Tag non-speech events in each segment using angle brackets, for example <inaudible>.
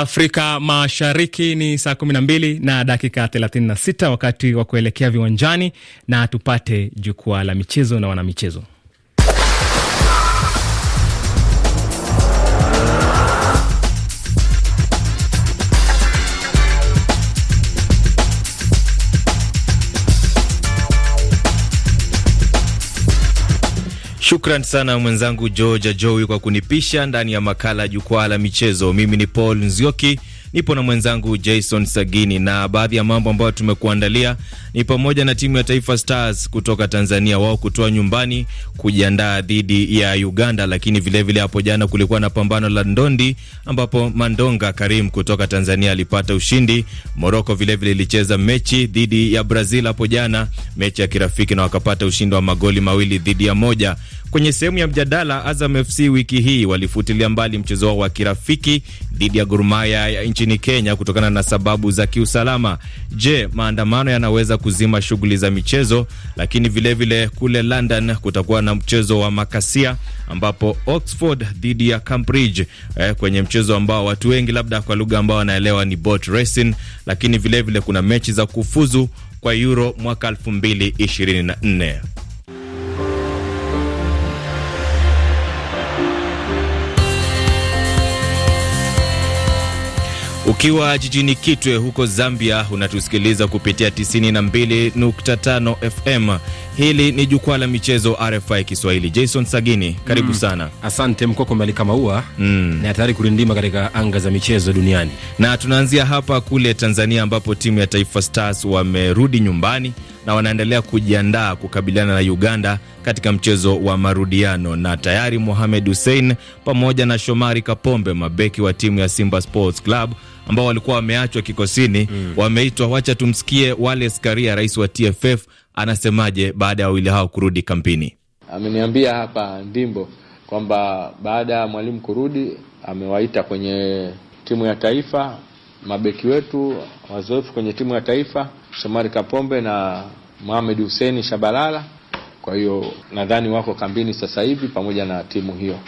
Afrika Mashariki ni saa kumi na mbili na dakika thelathini na sita wakati wa kuelekea viwanjani na tupate jukwaa la michezo na wanamichezo. Shukran sana mwenzangu Georgia Jowi kwa kunipisha ndani ya makala ya jukwaa la michezo. Mimi ni Paul Nzioki nipo na mwenzangu Jason Sagini, na baadhi ya mambo ambayo tumekuandalia ni pamoja na timu ya Taifa Stars kutoka Tanzania wao kutoa nyumbani kujiandaa dhidi ya Uganda, lakini vilevile hapo jana kulikuwa na pambano la ndondi ambapo Mandonga Karim kutoka Tanzania alipata ushindi. Moroko vilevile ilicheza mechi dhidi ya Brazil hapo jana, mechi ya kirafiki na wakapata ushindi wa magoli mawili dhidi ya moja. Kwenye sehemu ya mjadala, Azam FC wiki hii walifutilia mbali mchezo wao wa kirafiki dhidi ya Gor Mahia ya nchini Kenya kutokana na sababu za kiusalama. Je, maandamano yanaweza kuzima shughuli za michezo? Lakini vilevile vile kule London kutakuwa na mchezo wa makasia ambapo Oxford dhidi ya Cambridge eh, kwenye mchezo ambao watu wengi labda kwa lugha ambao wanaelewa ni boat racing, lakini vilevile vile kuna mechi za kufuzu kwa Euro mwaka 2024. Ukiwa jijini Kitwe huko Zambia, unatusikiliza kupitia 92.5 FM. Hili ni jukwaa la michezo RFI Kiswahili. Jason Sagini, karibu mm. sana. Asante mkoko mbali kama ua mm. na tayari kurindima katika anga za michezo duniani, na tunaanzia hapa kule Tanzania ambapo timu ya Taifa Stars wamerudi nyumbani na wanaendelea kujiandaa kukabiliana na Uganda katika mchezo wa marudiano, na tayari Mohamed Hussein pamoja na Shomari Kapombe, mabeki wa timu ya Simba Sports Club ambao walikuwa wameachwa kikosini mm. wameitwa. Wacha tumsikie Wallace Karia, rais wa TFF, anasemaje baada ya wawili hao kurudi kampini. Ameniambia hapa Ndimbo kwamba baada ya mwalimu kurudi amewaita kwenye timu ya taifa mabeki wetu wazoefu kwenye timu ya taifa Shomari Kapombe na Mohamed huseni Shabalala. Kwa hiyo nadhani wako kambini sasa hivi pamoja na timu hiyo,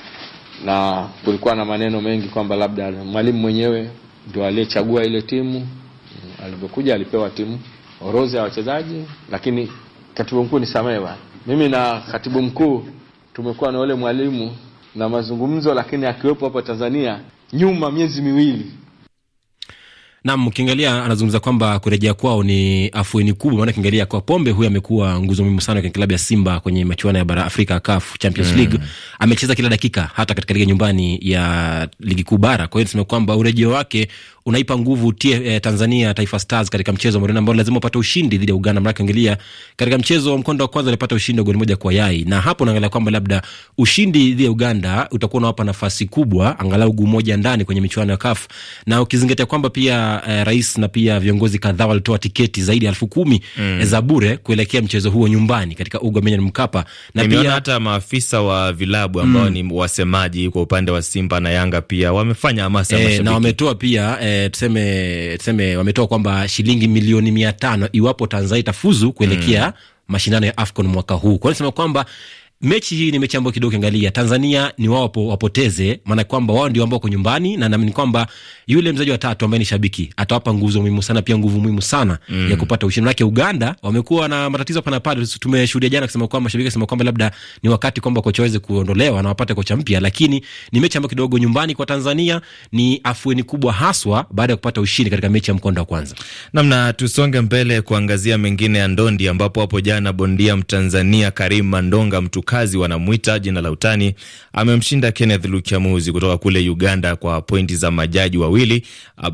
na kulikuwa na maneno mengi kwamba labda mwalimu mwenyewe ndio aliyechagua ile timu. Alivyokuja alipewa timu orodha ya wachezaji, lakini katibu mkuu nisamehe bana, mimi na katibu mkuu tumekuwa na ule mwalimu na mazungumzo, lakini akiwepo hapa Tanzania nyuma miezi miwili nam ukiangalia anazungumza kwamba kurejea kwao ni afueni kubwa, maana ukiangalia kwa pombe, huyu amekuwa nguzo muhimu sana kwenye klabu ya Simba kwenye michuano ya bara Afrika, CAF Champions League mm. amecheza kila dakika, hata katika ligi nyumbani ya ligi kuu bara. Kwa hiyo tuseme kwamba urejeo wake unaipa nguvu tie, eh, Tanzania Taifa Stars katika mchezo wa Moreno ambao lazima upate ushindi dhidi ya Uganda. Mara angalia katika mchezo wa mkondo wa kwanza alipata ushindi wa goli moja kwa yai, na hapo unaangalia kwamba labda ushindi dhidi ya Uganda utakuwa unawapa nafasi kubwa angalau guu moja ndani kwenye michuano ya CAF, na ukizingatia kwamba pia eh, rais na pia viongozi kadhaa walitoa tiketi zaidi ya elfu kumi mm. za bure kuelekea mchezo huo nyumbani katika uga Benjamin Mkapa, na Nimiona pia hata maafisa wa vilabu ambao mm. ni wasemaji kwa upande wa Simba na Yanga pia wamefanya hamasa eh, na wametoa pia eh, Eh, tuseme tuseme wametoa kwamba shilingi milioni mia tano iwapo Tanzania itafuzu kuelekea mm mashindano ya AFCON mwaka huu. Kwa nasema kwamba mechi hii ni mechi ambayo kidogo kiangalia Tanzania ni wao wapo, wapoteze, maana kwamba wao ndio ambao wako nyumbani, na naamini kwamba yule mzaji wa tatu ambaye ni shabiki atawapa nguzo muhimu sana, pia nguvu muhimu sana mm. ya kupata ushindi. wake. Uganda wamekuwa na matatizo hapa na pale, tumeshuhudia jana kusema kwamba shabiki kusema kwamba labda ni wakati kwamba kocha waweze kuondolewa na wapate kocha mpya, lakini ni mechi ambayo kidogo nyumbani kwa Tanzania ni afueni kubwa, haswa baada ya kupata ushindi katika mechi ya mkondo wa kwanza. Namna tusonge mbele kuangazia mengine ya ndondi, ambapo hapo jana bondia mtanzania Karim Mandonga mtu wakazi wanamwita jina la utani, amemshinda Kenneth Lukiamuzi kutoka kule Uganda kwa pointi za majaji wawili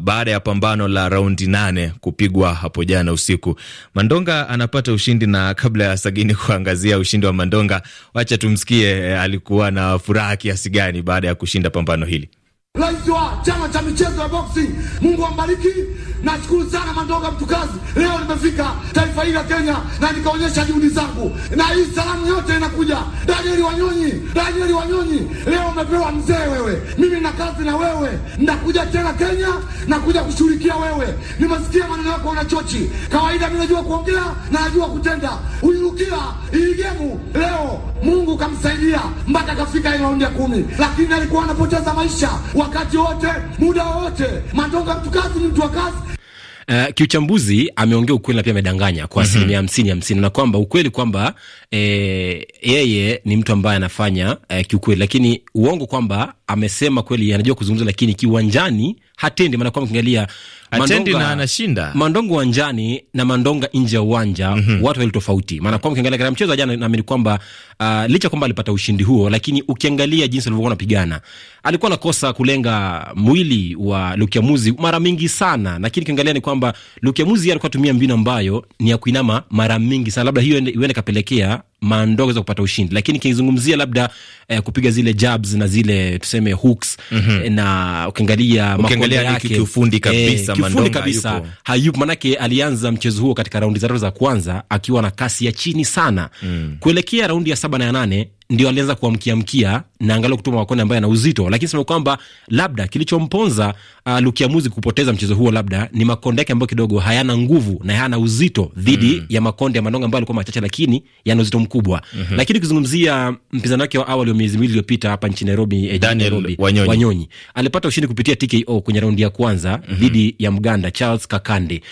baada ya pambano la raundi nane kupigwa hapo jana usiku. Mandonga anapata ushindi, na kabla ya Sagini kuangazia ushindi wa Mandonga, wacha tumsikie e, alikuwa na furaha kiasi gani baada ya kushinda pambano hili. Rais wa chama cha michezo ya boksi, Mungu ambariki Nashukuru sana Mandoga Mtukazi, leo nimefika taifa hili la Kenya na nikaonyesha juhudi zangu, na hii salamu yote inakuja Danieli Wanyonyi. Danieli Wanyonyi, leo umepewa mzee wewe, mimi na kazi na wewe, ndakuja tena Kenya, nakuja kushughulikia wewe. Nimesikia maneno yako na chochi. Kawaida mimi najua kuongea na najua kutenda, uirukia iligemu leo Mungu kamsaidia mpaka kafika ile raundi ya kumi, lakini alikuwa anapoteza maisha wakati wote, muda wote. Mandonga Mtukazi ni mtu wa kazi Uh, kiuchambuzi ameongea ukweli na pia amedanganya kwa mhm. asilimia mm -hmm. hamsini hamsini, na kwamba ukweli kwamba e, yeye ni mtu ambaye anafanya e, kiukweli, lakini uongo kwamba amesema kweli anajua kuzungumza, lakini kiwanjani hatendi. Maana kwamba ukiangalia hatendi na anashinda Mandonga uwanjani na Mandonga nje ya uwanja mm -hmm. watu wali tofauti. Maana kwamba ukiangalia katika mchezo wa jana, naamini kwamba uh, licha kwamba alipata ushindi huo, lakini ukiangalia jinsi alivyokuwa anapigana, alikuwa anakosa kulenga mwili wa Lukiamuzi mara mingi sana, lakini ukiangalia ni kwamba kwamba Luke Muzi alikuwa tumia mbinu ambayo ni ya kuinama mara mingi sana, labda hiyo huenda ikapelekea maandoo za kupata ushindi, lakini kizungumzia labda eh, kupiga zile jabs na zile tuseme hooks mm -hmm. na ukiangalia makondo yake kiufundi eh, kabisa, eh, kiufundi kabisa hayupo, manake alianza mchezo huo katika raundi za za kwanza akiwa na kasi ya chini sana mm. kuelekea raundi ya saba na ya nane ndio alianza kuamkia mkia na angalau kutuma makonde ambayo yana uzito, lakini sema kwamba labda kilichomponza uh, ah, Lukiamuzi kupoteza mchezo huo labda ni makonde yake ambayo kidogo hayana nguvu na hayana uzito dhidi mm. ya makonde ya Mandonga ambayo alikuwa machache, lakini yana uzito mkubwa makubwa mm-hmm. Lakini ukizungumzia mpinzani wake wa awali wa miezi miwili iliyopita hapa nchini Nairobi, eh, Wanyonyi. Wanyonyi alipata ushindi kupitia TKO kwenye raundi ya kwanza mhm. dhidi mm-hmm. ya Mganda Charles Kakande.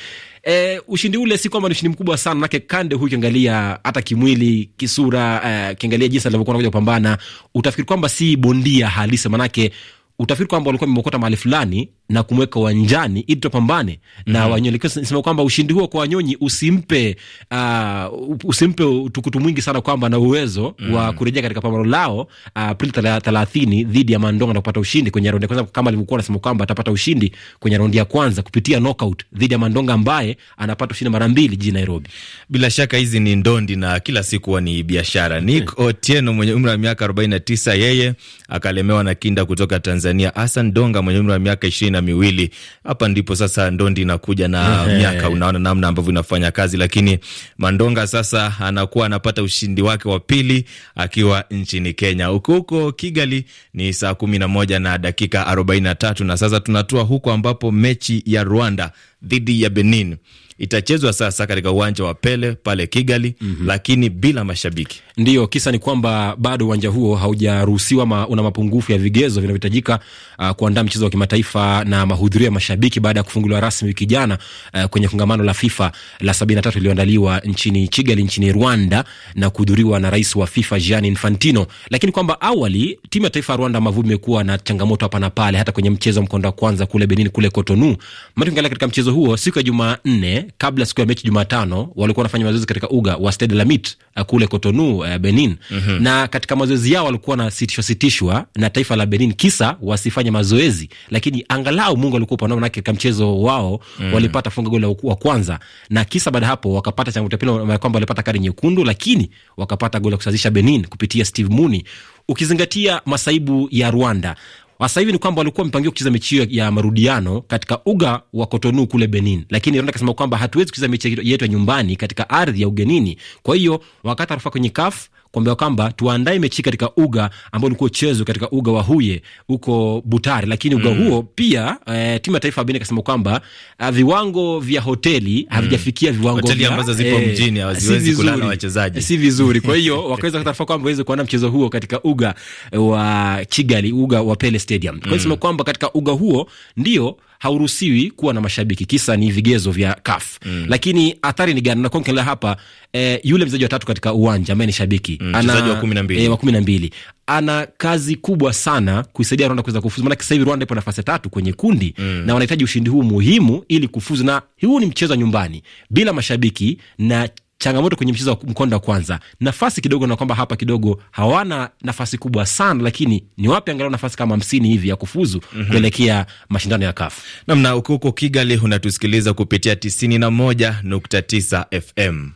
E, ushindi ule si kwamba ni ushindi mkubwa sana, manake Kande huyu ukiangalia hata kimwili, kisura, uh, eh, kiangalia jinsi alivyokuwa anakuja kupambana, utafikiri kwamba si bondia halisi, manake utafikiri kwamba walikuwa wamemokota mahali fulani na kumweka uwanjani ili tupambane mm. na mhm. Wanyonyi. Sema kwamba ushindi huo kwa Wanyonyi usimpe uh, usimpe utukutu mwingi sana kwamba na uwezo mm. wa kurejea katika pambano lao uh, Aprili uh, thelathini dhidi ya Mandonga na kupata ushindi kwenye raundi ya kwanza, kama alivyokuwa anasema kwamba atapata ushindi kwenye raundi ya kwanza kupitia knockout dhidi ya Mandonga ambaye anapata ushindi mara mbili jijini Nairobi. Bila shaka hizi ni ndondi na kila siku ni biashara. Nick mm. Otieno mwenye umri wa miaka 49 yeye akalemewa na kinda kutoka Tanzania. Hassan Donga mwenye umri wa miaka 20 na miwili. Hapa ndipo sasa ndondi inakuja na miaka, unaona namna ambavyo inafanya kazi, lakini Mandonga sasa anakuwa anapata ushindi wake wa pili akiwa nchini Kenya. Huko huko Kigali ni saa kumi na moja na dakika arobaini na tatu na sasa tunatua huko ambapo mechi ya Rwanda dhidi ya Benin itachezwa sasa katika uwanja wa Pele pale Kigali, mm -hmm. lakini bila mashabiki. Ndiyo, kisa ni kwamba bado uwanja huo haujaruhusiwa ma, una mapungufu ya vigezo vinavyohitajika uh, kuandaa mchezo wa kimataifa na mahudhurio ya mashabiki baada ya kufunguliwa rasmi wiki jana uh, kwenye kongamano la FIFA la 73 iliyoandaliwa nchini Kigali nchini Rwanda na kuhudhuriwa na rais wa FIFA Gianni Infantino, lakini kwamba awali timu ya taifa ya Rwanda mavubi imekuwa na changamoto hapa na pale, hata kwenye mchezo wa mkondo wa kwanza kule Benin kule Cotonou. Matuangalia katika mchezo huo siku ya Jumanne kabla siku ya mechi Jumatano walikuwa wanafanya mazoezi katika uga wa Stade la eh, kule Cotonou, eh, Benin. mm -hmm. Na katika mazoezi yao walikuwa wanasitishwa sitishwa na taifa la Benin kisa wasifanye mazoezi, lakini angalau Mungu alikuwa upande wao, katika mchezo wao mm -hmm. walipata funga goli wa kwanza, na kisa baada hapo wakapata changamoto pili kwamba walipata kadi nyekundu, lakini wakapata goli ya kusawazisha Benin kupitia Steve Muni ukizingatia masaibu ya Rwanda sasa hivi ni kwamba walikuwa wamepangiwa kucheza mechi hiyo ya marudiano katika uga wa Kotonu kule Benin, lakini Rwanda akasema kwamba hatuwezi kucheza mechi yetu ya nyumbani katika ardhi ya ugenini. Kwa hiyo wakata rufaa kwenye CAF kuambia kwamba tuandae mechi katika uga ambao ulikuwa uchezwe katika uga wa Huye huko Butare, lakini uga mm. huo pia e, timu ya taifa ya Benin ikasema kwamba eh, viwango vya hoteli mm. havijafikia mm. viwango hoteli ambazo zipo e, mjini haziwezi kulala wachezaji, si vizuri. Kwa hiyo <laughs> wakaweza kutafuta kwamba waweze kuandaa mchezo huo katika uga wa Kigali, uga wa Pele Stadium. Kwa hiyo mm. sema kwamba katika uga huo ndio hauruhusiwi kuwa na mashabiki, kisa ni vigezo vya CAF mm. Lakini athari ni gani? Nakuongelea hapa e, yule mchezaji wa tatu katika uwanja ambaye ni shabiki mm, ana wa kumi na mbili, E, wa kumi na mbili ana kazi kubwa sana kuisaidia Rwanda kuweza kufuzu, maanake sasa hivi Rwanda ipo nafasi ya tatu kwenye kundi mm. na wanahitaji ushindi huu muhimu ili kufuzu, na huu ni mchezo wa nyumbani bila mashabiki na changamoto kwenye mchezo wa mkondo wa kwanza, nafasi kidogo, na kwamba hapa kidogo hawana nafasi kubwa sana, lakini ni wapi angalau nafasi kama hamsini hivi ya kufuzu mm -hmm. kuelekea mashindano ya kafu namna. Huko Kigali unatusikiliza kupitia 91.9 FM.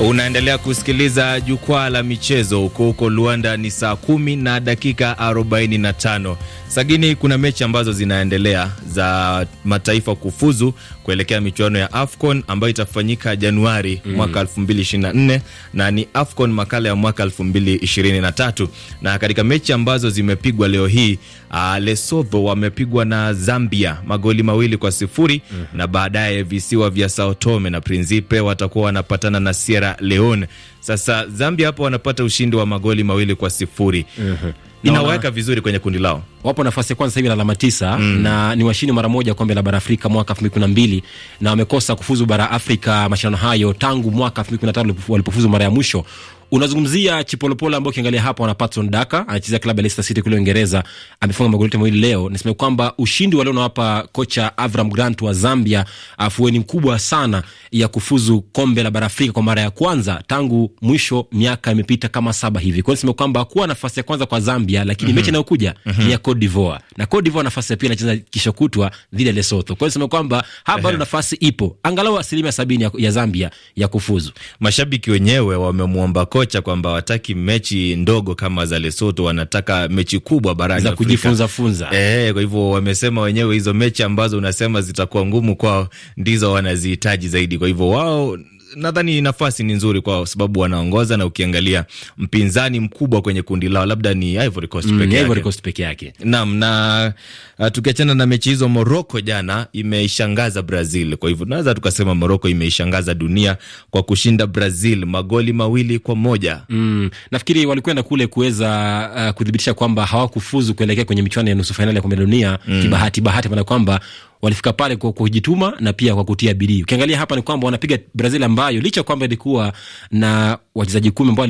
Unaendelea kusikiliza jukwaa la michezo. Huko huko Luanda ni saa kumi na dakika 45. Sagini, kuna mechi ambazo zinaendelea za mataifa kufuzu kuelekea michuano ya AFCON ambayo itafanyika Januari mm. mwaka 2024 na ni AFCON makala ya mwaka 2023. Na katika mechi ambazo zimepigwa leo hii uh, Lesotho wamepigwa na Zambia magoli mawili kwa sifuri mm. na baadaye visiwa vya Sao Tome na Principe watakuwa wanapatana na Sierra Leone. Sasa Zambia hapo wanapata ushindi wa magoli mawili kwa sifuri mm -hmm inaweka vizuri kwenye kundi lao. Wapo nafasi ya kwanza sasa hivi na alama tisa mm. na ni washindi mara moja kombe la bara Afrika mwaka 2012 na wamekosa kufuzu bara Afrika mashindano hayo tangu mwaka 2015 walipofuzu mara ya mwisho Unazungumzia Chipolopolo ambao ukiangalia hapa wana Patson Daka anachezea klabu ya Leicester City kule Uingereza, amefunga magoli yote mawili leo. Niseme kwamba ushindi walio leo unawapa kocha Avram Grant wa Zambia afueni mkubwa sana ya kufuzu kombe la bara Afrika kwa mara ya kwanza tangu mwisho miaka imepita kama saba hivi. Kwa hiyo niseme kwamba hakuwa nafasi ya kwanza kwa Zambia, lakini mm -hmm. mechi inayokuja mm -hmm. ni mhm. ya Cote d'Ivoire na Cote d'Ivoire nafasi ya pili anacheza kisho kutwa dhidi ya Lesotho. Kwa hiyo niseme kwamba hapa bado nafasi ipo, angalau asilimia sabini ya, ya Zambia ya kufuzu. Mashabiki wenyewe wamemwomba kocha kwamba wataki mechi ndogo kama za Lesotho, wanataka mechi kubwa barani za kujifunza funza. Eh, kwa hivyo wamesema wenyewe hizo mechi ambazo unasema zitakuwa ngumu kwao ndizo wanazihitaji zaidi, kwa hivyo wao nadhani nafasi ni nzuri kwa sababu wanaongoza, na ukiangalia mpinzani mkubwa kwenye kundi lao labda ni Ivory Coast mm, peke Ivory Coast peke yake. Naam, na na uh, tukiachana na mechi hizo, Morocco jana imeishangaza Brazil. Kwa hivyo naweza tukasema Morocco imeishangaza dunia kwa kushinda Brazil magoli mawili kwa moja. Mm, nafikiri walikwenda kule kuweza uh, kudhibitisha kwamba hawakufuzu kuelekea kwenye michuano ya nusu fainali ya kombe la dunia mm, kibahati bahati maana kwamba walifika pale kwa kujituma na pia kwa kutia bidii. Ukiangalia hapa ni kwamba wanapiga Brazil ambayo licha kwamba ilikuwa na wachezaji kumi ambao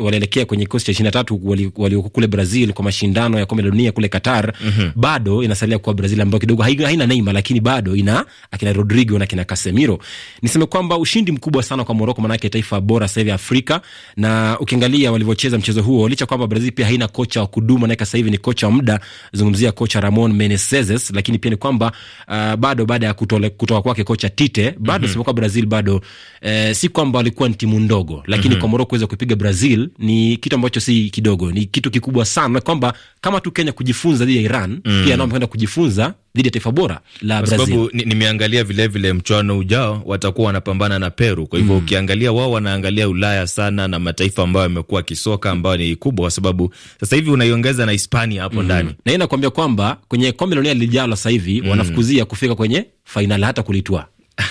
walielekea kwenye kikosi cha ishirini na tatu walioko kule Brazil kwa mashindano ya kombe la dunia kule Qatar, mm -hmm. bado inasalia kuwa Brazil ambayo kidogo haina Neymar, lakini bado ina akina Rodrigo na kina Casemiro. Niseme kwamba ushindi mkubwa sana kwa Moroko, manake taifa bora sasa hivi Afrika, na ukiangalia walivyocheza mchezo huo, licha kwamba Brazil pia haina kocha wa kudumu, naye sasa hivi ni kocha wa muda, zungumzia kocha Ramon Menezes, lakini pia ni kwamba uh, bado baada ya kutoka kwake kocha Tite bado mm -hmm. Sipokuwa Brazil bado eh, si kwamba walikuwa ni timu ndogo, lakini mm -hmm. Komoro kuweza kupiga Brazil ni kitu ambacho si kidogo, ni kitu kikubwa sana, kwamba kama tu Kenya kujifunza dhidi ya Iran mm -hmm. pia nao amekwenda kujifunza dhidi ya taifa bora la Brazil, sababu nimeangalia ni vilevile mchuano ujao watakuwa wanapambana na Peru. Kwa hivyo mm, ukiangalia wao wanaangalia Ulaya sana na mataifa ambayo yamekuwa kisoka ambayo ni kubwa, kwa sababu sasa hivi unaiongeza na Hispania hapo mm. ndani na hii nakuambia kwamba kwenye kombe la dunia lijalo sasa hivi mm, wanafukuzia kufika kwenye fainali hata kulitwaa <laughs>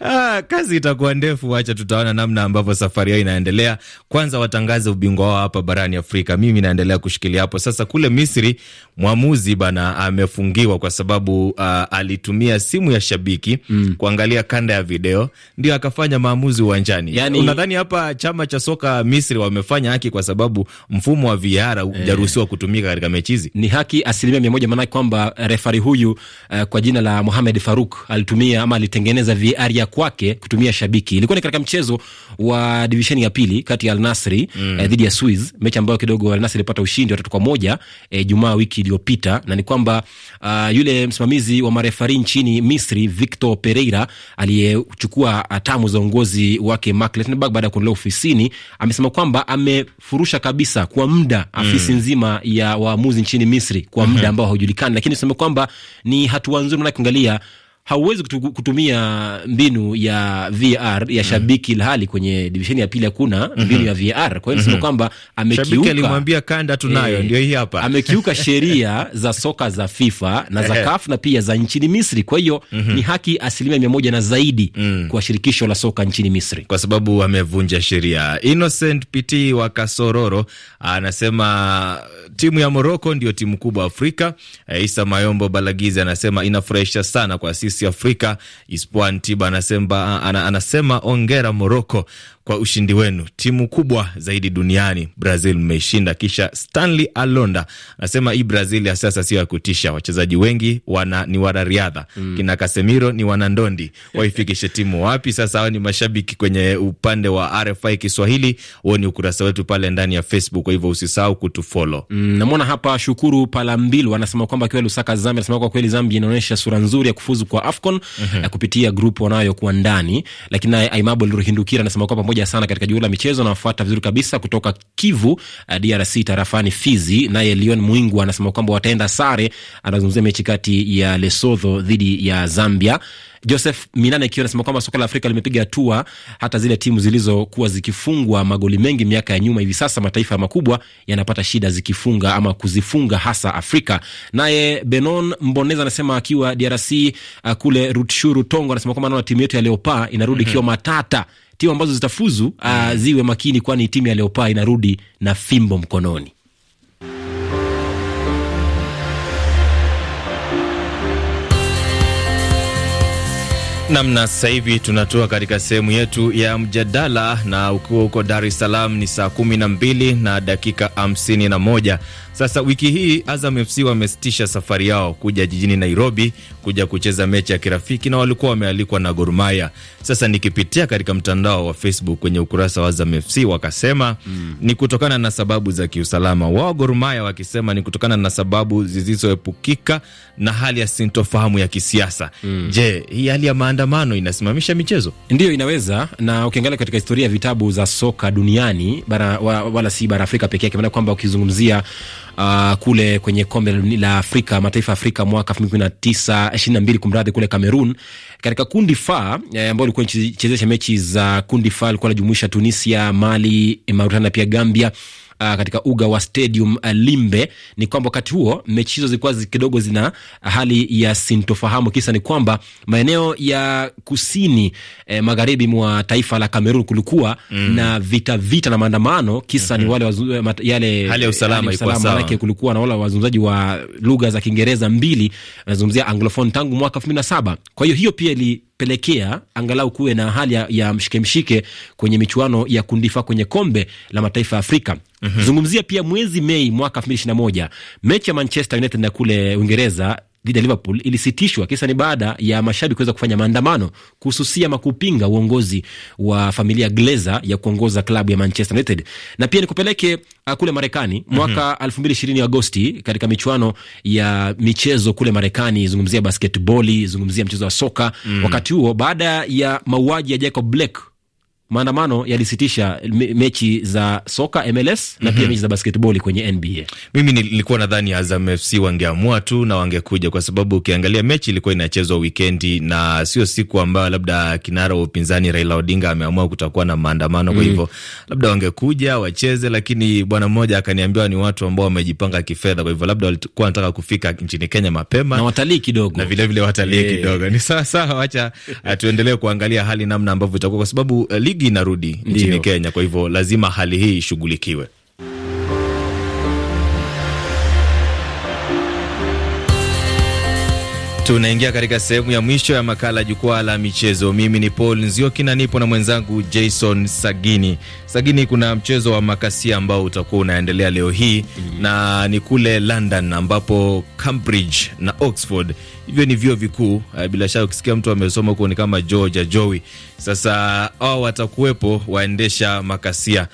Ah, kazi itakuwa ndefu. Wacha tutaona namna ambavyo safari yao inaendelea. Kwanza watangaze ubingwa wao hapa barani Afrika. Mimi naendelea kushikilia hapo. Sasa kule Misri, mwamuzi bana amefungiwa kwa sababu uh, alitumia simu ya shabiki mm, kuangalia kanda ya video, ndio akafanya maamuzi uwanjani. Yani, unadhani hapa chama cha soka Misri wamefanya haki kwa sababu mfumo wa VAR hujaruhusiwa eh, kutumika katika mechi hizi? Ni haki asilimia mia moja, maanake kwamba refari huyu uh, kwa jina la Mohamed Faruk alitumia ama alitengeneza VAR ya kwake kutumia shabiki. Ilikuwa ni katika mchezo wa divisheni ya pili kati ya Alnasri mm. eh, dhidi ya Swiz, mechi ambayo kidogo Alnasri ilipata ushindi wa tatu kwa moja eh, Jumaa wiki iliyopita, na ni kwamba uh, yule msimamizi wa marefari nchini Misri Victor Pereira aliyechukua hatamu ah, za uongozi wake Mark Lettenberg baada ya kuondolewa ofisini amesema kwamba amefurusha kabisa kwa muda afisi mm. nzima ya waamuzi nchini Misri kwa muda mhm. ambao haujulikani, lakini sema kwamba ni hatua nzuri, maana kuangalia hauwezi kutumia mbinu ya vr ya mm. shabiki ilhali kwenye divisheni ya pili hakuna mm-hmm. mbinu ya vr Kwa hiyo mm-hmm. kwamba amekiuka, alimwambia kanda tunayo, eh, ndio hii hapa, amekiuka <laughs> sheria za soka za FIFA na za CAF na pia za nchini Misri. Kwa hiyo mm-hmm. ni haki asilimia mia moja na zaidi mm. kwa shirikisho la soka nchini Misri, kwa sababu amevunja sheria. Innocent pt wa Kasororo anasema timu ya Moroko ndio timu kubwa Afrika. Eh, Isa Mayombo Balagizi anasema inafurahisha sana kwa sisi Afrika. Ispoa tiba anasema, anasema ongera Moroko kwa ushindi wenu, timu kubwa zaidi duniani Brazil mmeishinda. Kisha Stanley Alonda anasema hii Brazil ya sasa sio ya kutisha, wachezaji wengi wana ni wanariadha mm. kina Kasemiro ni wanandondi, waifikishe timu wapi? Sasa hao ni mashabiki kwenye upande wa RFI Kiswahili, huo ni ukurasa wetu pale ndani ya Facebook, kwa hivyo usisahau kutufolo mm. Namwona hapa Shukuru Palambilu anasema kwamba kiwa Lusaka Zambia, anasema kwa kweli Zambia inaonyesha sura nzuri ya kufuzu kwa AFCON mm -hmm. ya kupitia grupu wanayokuwa ndani, lakini naye Aimabo Lurhindukira anasema kwamba pamoja sana katika jukwaa la michezo. Namfuata vizuri kabisa kutoka Kivu eh, DRC, tarafani Fizi. Naye Leon Mwingu anasema kwamba wataenda sare, anazungumzia mechi kati ya Lesotho dhidi ya Zambia. Joseph Minane ikiwa anasema kwamba soka la Afrika limepiga hatua, hata zile timu zilizokuwa zikifungwa magoli mengi miaka ya nyuma, hivi sasa mataifa makubwa yanapata shida zikifunga ama kuzifunga hasa Afrika. Naye Benon Mboneza anasema akiwa DRC eh, kule Rutshuru Tongo, anasema kwamba anaona timu yetu ya Leopa inarudi ikiwa mhm. mm -hmm. matata timu ambazo zitafuzu uh, ziwe makini, kwani timu ya Leopa inarudi na fimbo mkononi. Namna sasa hivi tunatoa katika sehemu yetu ya mjadala, na ukiwa huko Dar es Salaam ni saa kumi na mbili na dakika hamsini na moja sasa wiki hii Azam FC wamesitisha safari yao kuja jijini Nairobi kuja kucheza mechi ya kirafiki na walikuwa wamealikwa na Gor Mahia. Sasa nikipitia katika mtandao wa Facebook kwenye ukurasa wa Azam FC wakasema mm, ni kutokana na sababu za kiusalama. Wao Gor Mahia wakisema ni kutokana na sababu zisizoepukika na hali ya sintofahamu ya kisiasa. Mm. Je, hii hali ya maandamano inasimamisha michezo? Ndiyo inaweza, na ukiangalia katika historia ya vitabu za soka duniani bara, wala, wala si bara Afrika pekee yake, maana kwamba ukizungumzia uh, kule kwenye kombe la Afrika mataifa ya Afrika mwaka 2022 kumradhi, kule Cameroon katika kundi fa eh, ambao ilikuwa chezesha mechi za kundi fa, ilikuwa inajumuisha Tunisia, Mali, Mauritania pia Gambia uh, katika uga wa stadium uh, Limbe ni kwamba wakati huo mechi hizo zilikuwa kidogo zina hali ya sintofahamu. Kisa ni kwamba maeneo ya kusini eh, magharibi mwa taifa la Kamerun kulikuwa mm. na vita vita na maandamano. Kisa mm -hmm. ni mm-hmm. wale eh, yale hali ya eh, usalama ilikuwa sawa, manake kulikuwa na wale wazungumzaji wa lugha za Kiingereza mbili, wanazungumzia anglophone tangu mwaka 2007 kwa hiyo hiyo pia ili kupelekea angalau kuwe na hali ya, ya mshike mshike kwenye michuano ya kundifa kwenye kombe la mataifa ya Afrika. Mm -hmm. Zungumzia pia mwezi Mei mwaka 2021 mechi ya Manchester United na kule Uingereza dhidi ya Liverpool ilisitishwa. Kisa ni baada ya mashabiki kuweza kufanya maandamano kuhususia ama kupinga uongozi wa familia Glazer ya kuongoza klabu ya Manchester United. Na pia nikupeleke uh, kule Marekani mhm. mwaka elfu mbili ishirini Agosti, katika michuano ya michezo kule Marekani, zungumzia basketboli, zungumzia mchezo wa soka mm. Wakati huo baada ya mauaji ya Jacob Blake maandamano yalisitisha mechi za soka MLS na pia mhm. mechi za basketball kwenye NBA. Mimi nilikuwa nadhani Azam FC wangeamua tu na wangekuja, kwa sababu ukiangalia mechi ilikuwa inachezwa wikendi na sio siku ambayo labda kinara wa upinzani Raila Odinga ameamua kutakuwa na maandamano. Kwa mhm. hivyo mm labda wangekuja wacheze, lakini bwana mmoja akaniambiwa ni watu ambao wamejipanga kifedha, kwa hivyo labda walikuwa wanataka kufika nchini Kenya mapema na watalii kidogo, na vilevile watalii yeah. kidogo. Ni sawasawa, wacha eh, tuendelee kuangalia hali namna ambavyo itakuwa, kwa sababu uh, ligi inarudi nchini Kenya, kwa hivyo lazima hali hii ishughulikiwe. Tunaingia katika sehemu ya mwisho ya makala jukwaa la michezo. Mimi ni Paul Nzioki na nipo na mwenzangu Jason Sagini. Sagini, kuna mchezo wa makasia ambao utakuwa unaendelea leo hii mm -hmm. na ni kule London ambapo Cambridge na Oxford hivyo ni vyuo vikuu. Eh, bila shaka ukisikia mtu amesoma huko ni kama Georgia Jowi. Sasa hao watakuwepo waendesha makasia,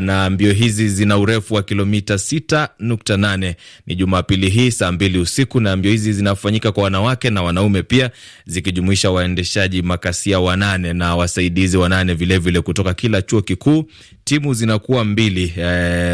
na mbio hizi zina urefu wa kilomita 6.8. Ni Jumapili hii saa mbili usiku, na mbio hizi zinafanyika kwa wanawake na wanaume pia, zikijumuisha waendeshaji makasia wanane na wasaidizi wanane vilevile vile kutoka kila chuo kikuu timu zinakuwa mbili e,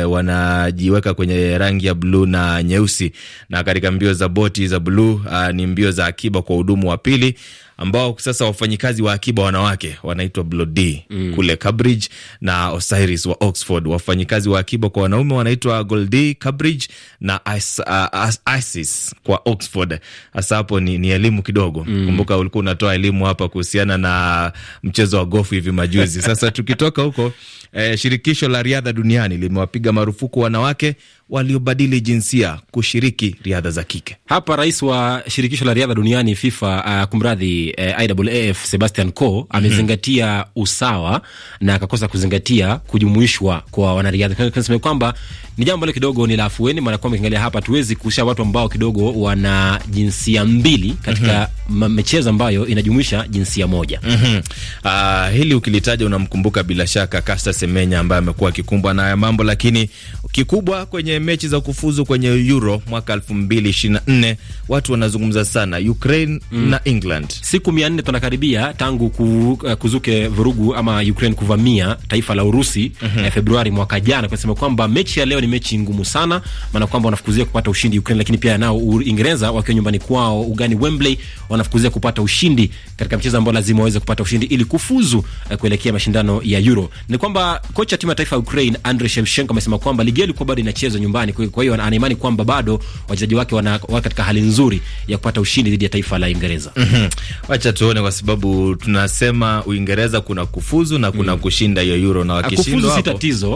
wanajiweka kwenye rangi ya bluu na nyeusi, na katika mbio za boti za bluu ah, ni mbio za akiba kwa hudumu wa pili ambao sasa wafanyikazi wa akiba wanawake wanaitwa Blodi mm. kule Cambridge na Osiris wa Oxford. Wafanyikazi wa akiba kwa wanaume wanaitwa Goldi Cambridge na Isis uh, ah, Isis kwa Oxford. Hasa hapo ni, ni elimu kidogo mm. Kumbuka ulikuwa unatoa elimu hapa kuhusiana na mchezo wa gofu hivi majuzi. Sasa tukitoka huko eh, shirikisho la riadha duniani limewapiga marufuku wanawake waliobadili jinsia kushiriki riadha za kike. Hapa rais wa shirikisho la riadha duniani FIFA, uh, kumradhi, uh, eh, IAAF Sebastian Coe mhm. amezingatia mm -hmm. usawa na akakosa kuzingatia kujumuishwa kwa wanariadha. kwamba ni jambo ambalo kidogo ni la afueni, maana kwamba ukiangalia hapa tuwezi kusha watu ambao kidogo wana jinsia mbili katika mm -hmm. michezo ambayo inajumuisha jinsia moja mm -hmm. Uh, hili ukilitaja unamkumbuka bila shaka Caster Semenya ambaye amekuwa akikumbwa na haya mambo, lakini kikubwa kwenye mechi za kufuzu kwenye Euro mwaka 2024 watu wanazungumza sana Ukraine mm. na England. Siku 400 tunakaribia tangu ku, uh, kuzuke vurugu ama Ukraine kuvamia taifa la Urusi mm -hmm. eh, Februari mwaka jana, kwa kusema kwamba mechi ya leo ni mechi ngumu sana, maana kwamba wanafukuzia kupata ushindi Ukraine, lakini pia nao Uingereza wakiwa nyumbani kwao ugani Wembley wanafukuzia kupata ushindi katika mchezo ambao lazima waweze kupata ushindi ili kufuzu eh, kuelekea mashindano ya Euro. Ni kwamba kocha timu ya taifa ya Ukraine Andriy Shevchenko amesema kwamba ligi ilikuwa bado inachezwa nyumbani, kwa hiyo ana imani kwamba bado wachezaji wake wana wanakuwa katika hali nzuri ya kupata ushindi dhidi ya taifa la Uingereza. Mhm. Wacha tuone, kwa sababu tunasema Uingereza kuna kufuzu na kuna mm, kushinda hiyo Euro na wakishindwa hapo, Kufuzu si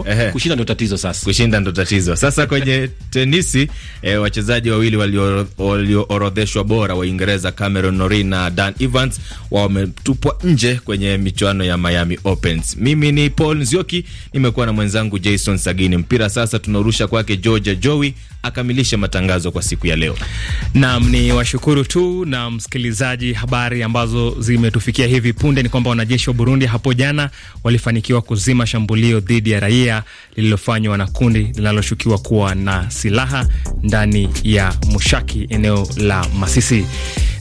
tatizo kushinda ndio tatizo sasa, kushinda ndio matatizo. Sasa kwenye tenisi e, wachezaji wawili walioorodheshwa bora wa Uingereza Cameron Norrie na Dan Evans wametupwa nje kwenye michuano ya Miami Opens. Mimi ni Paul Nzioki, nimekuwa na mwenzangu Jason Sagini. Mpira sasa tunaorusha kwake Georgia Jowi akamilishe matangazo kwa siku ya leo. Naam, ni washukuru tu na msikilizaji. Habari ambazo zimetufikia hivi punde ni kwamba wanajeshi wa Burundi hapo jana walifanikiwa kuzima shambulio dhidi ya raia lililofanywa na kundi linaloshukiwa kuwa na silaha ndani ya Mushaki, eneo la Masisi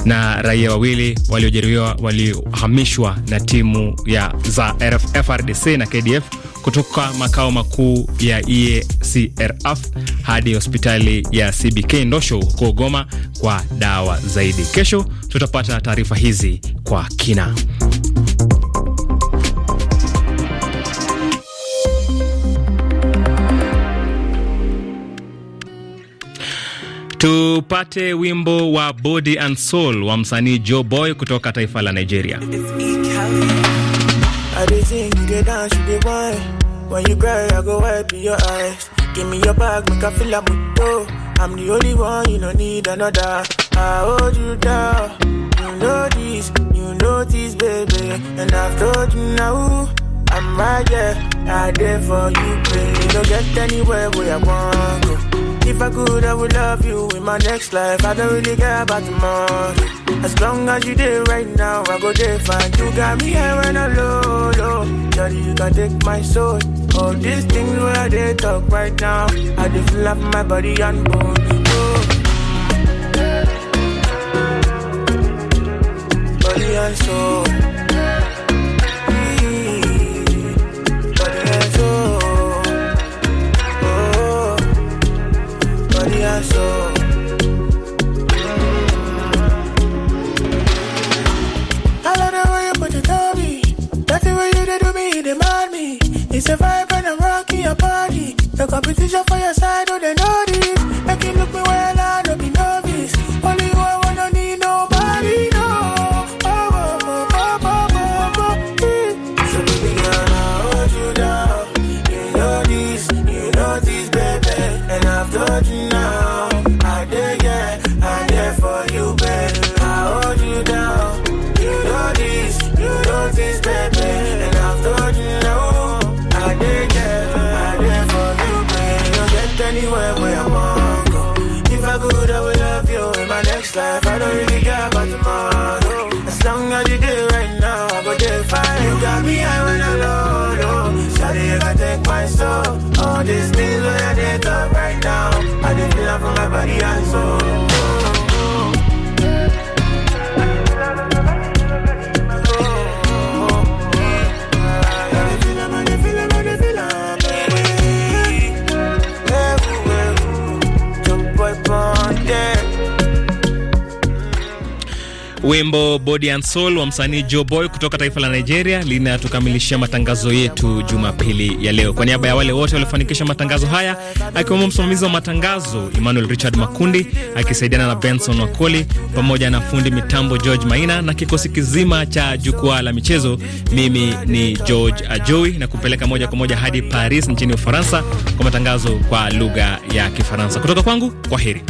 na raia wawili waliojeruhiwa waliohamishwa na timu ya za RF, FRDC na KDF kutoka makao makuu ya EACRF hadi hospitali ya CBK Ndosho huko Goma kwa dawa zaidi. Kesho tutapata taarifa hizi kwa kina. Tupate wimbo wa Body and Soul wa msanii Joe Boy kutoka taifa la Nigeria. I didn't think you dey dance, you be whine. When you cry, I go wipe your eyes. Give me your bag, make I feel a moto. I'm the only one, you don't need another. I hold you down. You know this, you know this, baby. And I've told you now, I'm right there. I there for you, baby. Don't get anywhere where I want go. If I could, I would love you in my next life. I don't really care about tomorrow. As long as you did right now, I go there fine. You got me here when I low, low. Daddy, you can take my soul. All these things where they talk right now, I just love my body and bone. Body and soul. It's a vibe when I'm rocking your body. The competition for your side, oh, they know All these things that they talk right now I just feel like from my body and soul Wimbo Body and Soul wa msanii Joe Boy kutoka taifa la Nigeria linatukamilishia matangazo yetu Jumapili ya leo. Kwa niaba ya wale wote waliofanikisha matangazo haya, akiwemo msimamizi wa matangazo Emmanuel Richard Makundi akisaidiana na Benson Wakoli, pamoja na fundi mitambo George Maina na kikosi kizima cha jukwaa la michezo, mimi ni George Ajoi na kupeleka moja kwa moja hadi Paris nchini Ufaransa kwa matangazo kwa lugha ya Kifaransa kutoka kwangu, kwa heri.